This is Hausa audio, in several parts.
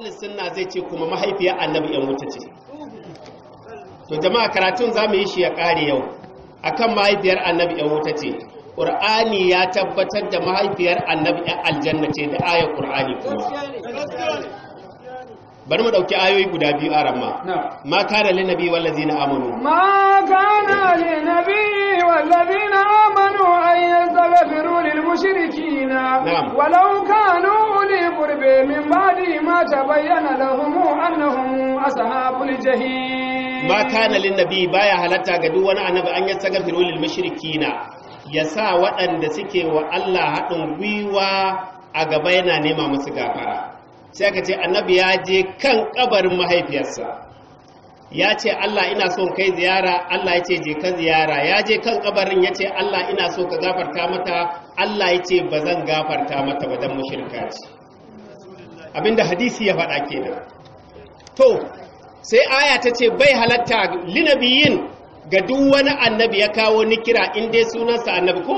ahalin sunna zai ce kuma mahaifiyar annabi yan wuta ce to jama'a karatun za mu yi shi ya ƙare yau akan mahaifiyar annabi yan wuta ce ƙur'ani ya tabbatar da mahaifiyar annabi yan aljanna ce da ayar ƙur'ani kuma bari mu ɗauki ayoyi guda biyu a ramma ma kana lin nabi wallazi na amanu ma kana lin nabi wallazi na amanu an yastaghfiru lil mushrikina walau kanu ni gurbe min ba Makanalin tabayyana lahum annahum ashabul jahim kana lin nabi baya halatta ga duk wani annabi an yastaghfiru lil mushrikina yasa waɗanda suke wa Allah haɗin gwiwa a gaba yana nema musu gafara sai aka ce annabi ya je kan kabarin mahaifiyarsa ya ce Allah ina son kai ziyara Allah ya ce je ka ziyara ya je kan kabarin ya ce Allah ina so ka gafarta mata Allah ya ce ba zan gafarta mata ba dan mushrika ce abinda hadisi ya faɗa ke kenan to sai aya ta ce bai halatta linabiyin ga duk wani annabi ya kawo nikira in dai sunansa annabi ko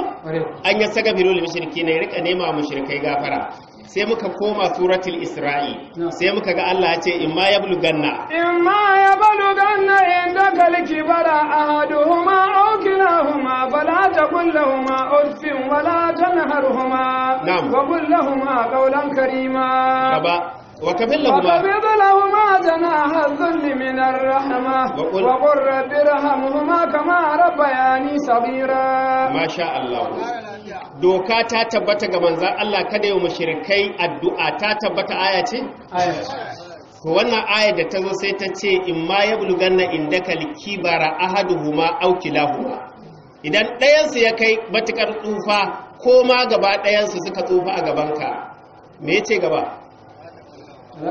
an ya saka shirki na ya rika nema mushrikai gafara sai muka koma suratul isra'i sai muka ga Allah ya ce in ma yablughanna in ma yablughanna inda kal kibara ahaduhuma aw bala ta taqul lahumā ufin wala tanharhumā wa qul lahumā qawlan Karima. baba wa kafillahuma wa kafillahuma janaha dhulli min ar-rahma wa qul rabbi irhamhuma kama rabbayani sabira ma sha Allah doka ta tabbata ga manzan Allah kada wa mashirikai addu'a ta tabbata aya ce? Ko wannan aya da ta zo sai ta ce in ma ya bulugan na inda huma auki lahuma. idan ɗayansu ya kai matuƙar tsufa ko ma gaba ɗayansu suka tsufa a gabanka me ce gaba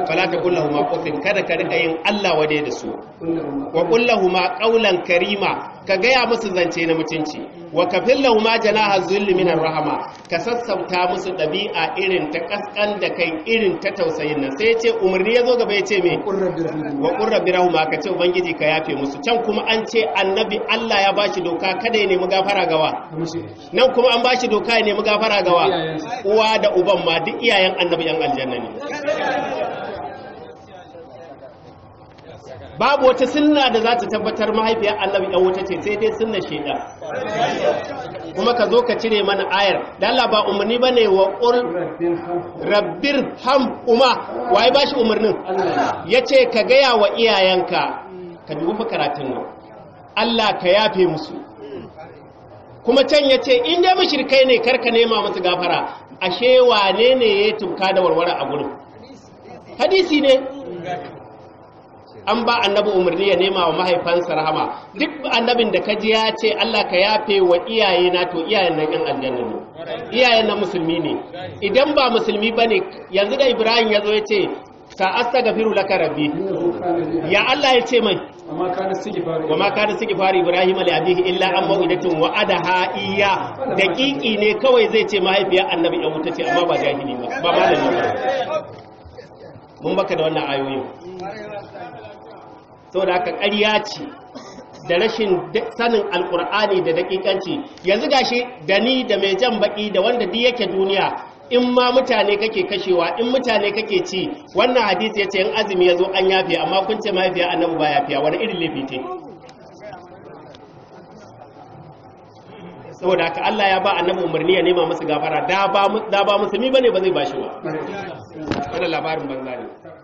falata huma kofin kada ka riƙa yin Allah wade da su wa huma ƙaunan karima ka gaya musu zance na mutunci wa kafin lauma janaha zulli minar rahama ka sassauta musu ɗabi'a irin ta ƙasƙan da kai irin ta tausayin nan sai ce umarni ya zo gaba ya ce me wa ƙurra birahuma ka ce ubangiji ka yafe musu can kuma an ce annabi allah ya bashi doka kada ya nemi gafara gawa nan kuma an bashi doka ya nemi gafara gawa uwa da uban ma duk iyayen annabi yan aljanna ne babu wata sunna da za ta tabbatar mahaifiyar Allah ya wuta ce sai dai sunna sheda kuma ka zo ka cire mana ayar da Allah ba umarni bane wa qul rabbir ham kuma ba shi umarnin yace ka gaya wa iyayenka ka dubi karatun nan Allah ka yafe musu kuma can yace ce in dai mushrikai ne karka nema musu gafara ashe wane ne ya tumka da warware a gurin hadisi ne an ba annabi umarni ya nema wa mahaifansa rahama duk annabin da kaji ya ce Allah ka yafe wa iyaye na to iyayen nan yan aljanna ne iyayen nan musulmi ne idan ba musulmi bane yanzu da Ibrahim ya zo ya ce sa astaghfiru laka rabbi ya Allah ya ce mai wa ma kana fari Ibrahim li abihi illa an mawidatun wa adaha iya daƙiƙi ne kawai zai ce mahaifiyar annabi ya wuta ce amma ba jahili ba ba malami mun baka da wannan ayoyin saboda haka ƙarya ce da rashin sanin alkur'ani da daƙiƙanci yanzu gashi da ni da mai jan baƙi da wanda di yake duniya in ma mutane kake kashewa in mutane kake ci wannan hadisi ce yin azumi ya zo an yafi amma kun ce mafiya annabu ba yafiya wani irin laifi saboda haka Allah ya ba annabi umarni ya nema musu gafara da ba ba musulmi bane ba zai bashi ba wannan labarin banza ne